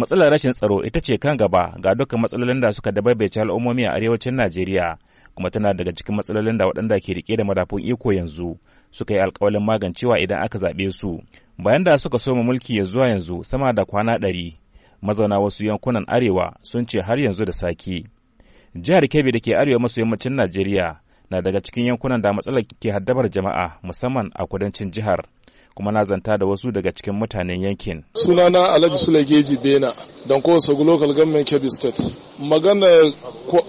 matsalar rashin tsaro ita ce kan gaba ga dukkan matsalolin da suka dabaibace al'ummomi a arewacin najeriya kuma tana daga cikin matsalolin da waɗanda ke rike da madafun iko yanzu suka yi alkawalin magancewa idan aka zaɓe su bayan da suka soma mulki ya zuwa yanzu sama da kwana ɗari mazauna wasu yankunan arewa sun ce har yanzu da sake jihar kebbi da ke arewa maso yammacin najeriya na daga cikin yankunan da matsalar ke haddabar jama'a musamman a kudancin jihar kuma na zanta da wasu daga cikin mutanen yankin. Sunana Alhaji sulegeji Bena, kowace Sagu Local Government Kebbi State. Magana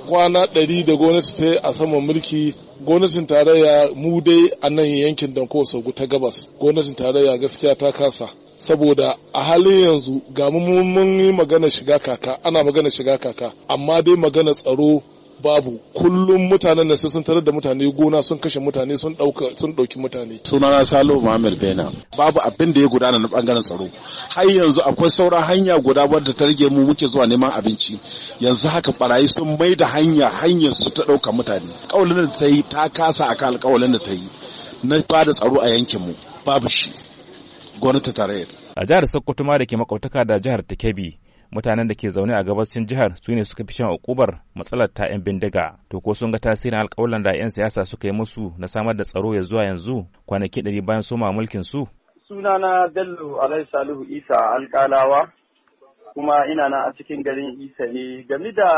kwana ɗari da gwamnati ta yi a saman mulki gwamnatin tarayya mu dai a nan yankin kowace Sagu ta gabas. Gwamnatin tarayya gaskiya ta kasa. saboda a halin yanzu ga mun yi magana shiga kaka ana magana shiga kaka amma dai magana tsaro babu kullum mutanen nan sun tarar da mutane gona sun kashe mutane sun dauka sun dauki mutane sunana Salo Muhammad Bena babu abin da ya gudana na bangaren tsaro har yanzu akwai sauran hanya guda wadda ta rage mu muke zuwa neman abinci yanzu haka barayi sun mai da hanya hanyar su ta dauka mutane kaulin da ta yi ta kasa akan alkawalin da ta yi na bada tsaro a yankin mu babu shi gwamnati tarayyar a jihar Sokoto ma da ke makautaka da jihar Takebi mutanen da ke zaune a gabashin jihar su ne suka fi shan ukubar matsalar ta 'yan bindiga to ko sun ga tasirin alkawalan da 'yan siyasa suka yi musu na samar da tsaro ya zuwa yanzu kwanaki ɗari bayan soma mulkin su sunana bello alai salihu isa alkalawa kuma ina na a cikin garin isa ne game da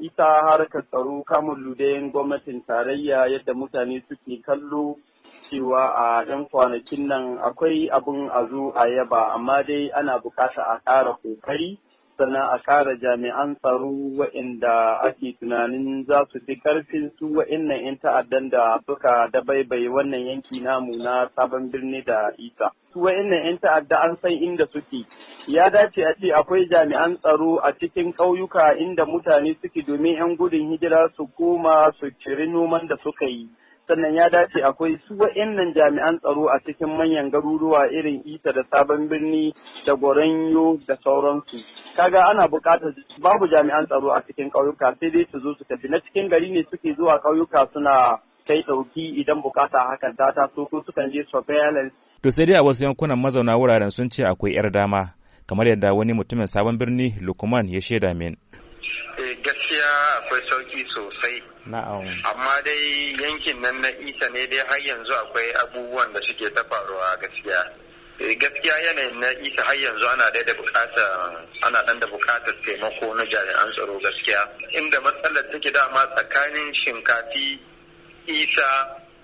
ita harkar tsaro kamun ludayen gwamnatin tarayya yadda mutane suke kallo cewa a yan kwanakin nan akwai abin a zo a yaba amma dai ana bukata a ƙara kokari sannan a kara jami'an tsaro waɗanda ake tunanin za su fi karfin su waɗannan 'yan ta'addan da suka dabaibaye wannan yanki namu na sabon birni da isa su waɗannan 'yan ta'adda an san inda suke ya dace a ce akwai jami'an tsaro a cikin ƙauyuka inda mutane suke domin 'yan gudun hijira su koma su ciri noman da suka yi sannan ya dace akwai su wa'annan jami'an tsaro a cikin manyan garuruwa irin isa da sabon birni da gwaranyo da sauransu kaga ana buƙatar babu jami'an tsaro a cikin ƙauyuka sai dai su zo su tafi na cikin gari ne suke zuwa ƙauyuka suna kai ɗauki idan bukata hakan ta taso ko sukan je surveillance. To sai dai a wasu yankunan mazauna wuraren sun ce akwai 'yar dama kamar yadda wani mutumin sabon birni Lukman ya shaida min. Eh, gaskiya akwai sauki sosai. na'am Amma dai yankin nan na isa ne dai har yanzu akwai abubuwan da suke ta faruwa gaskiya. Eh, gaskiya yanayin na isa har yanzu ana da da bukatar taimako na jami'an tsaro gaskiya inda matsalar take dama tsakanin shinkafi isa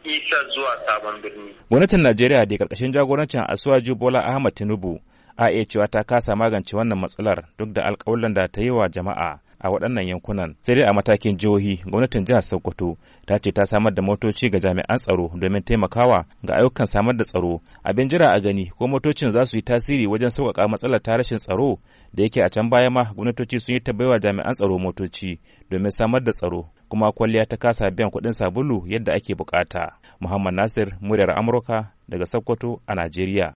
isa zuwa sabon birni gwamnatin najeriya da karkashin jagorancin asuwa bola ahmad tinubu a iya cewa ta kasa magance wannan matsalar duk da alkawalan da ta yi wa jama'a a waɗannan yankunan sai dai a matakin jihohi gwamnatin jihar sokoto ta ce ta samar da motoci ga jami'an tsaro domin taimakawa ga ayyukan samar da tsaro abin jira a gani ko motocin za su yi tasiri wajen sauƙaƙa matsalar ta rashin tsaro da yake a can baya ma gwamnatoci sun yi tabbaiwa jami'an tsaro motoci domin samar da tsaro kuma kwalliya ta kasa biyan kuɗin sabulu yadda ake buƙata muhammad nasir muryar amurka daga sokoto a najeriya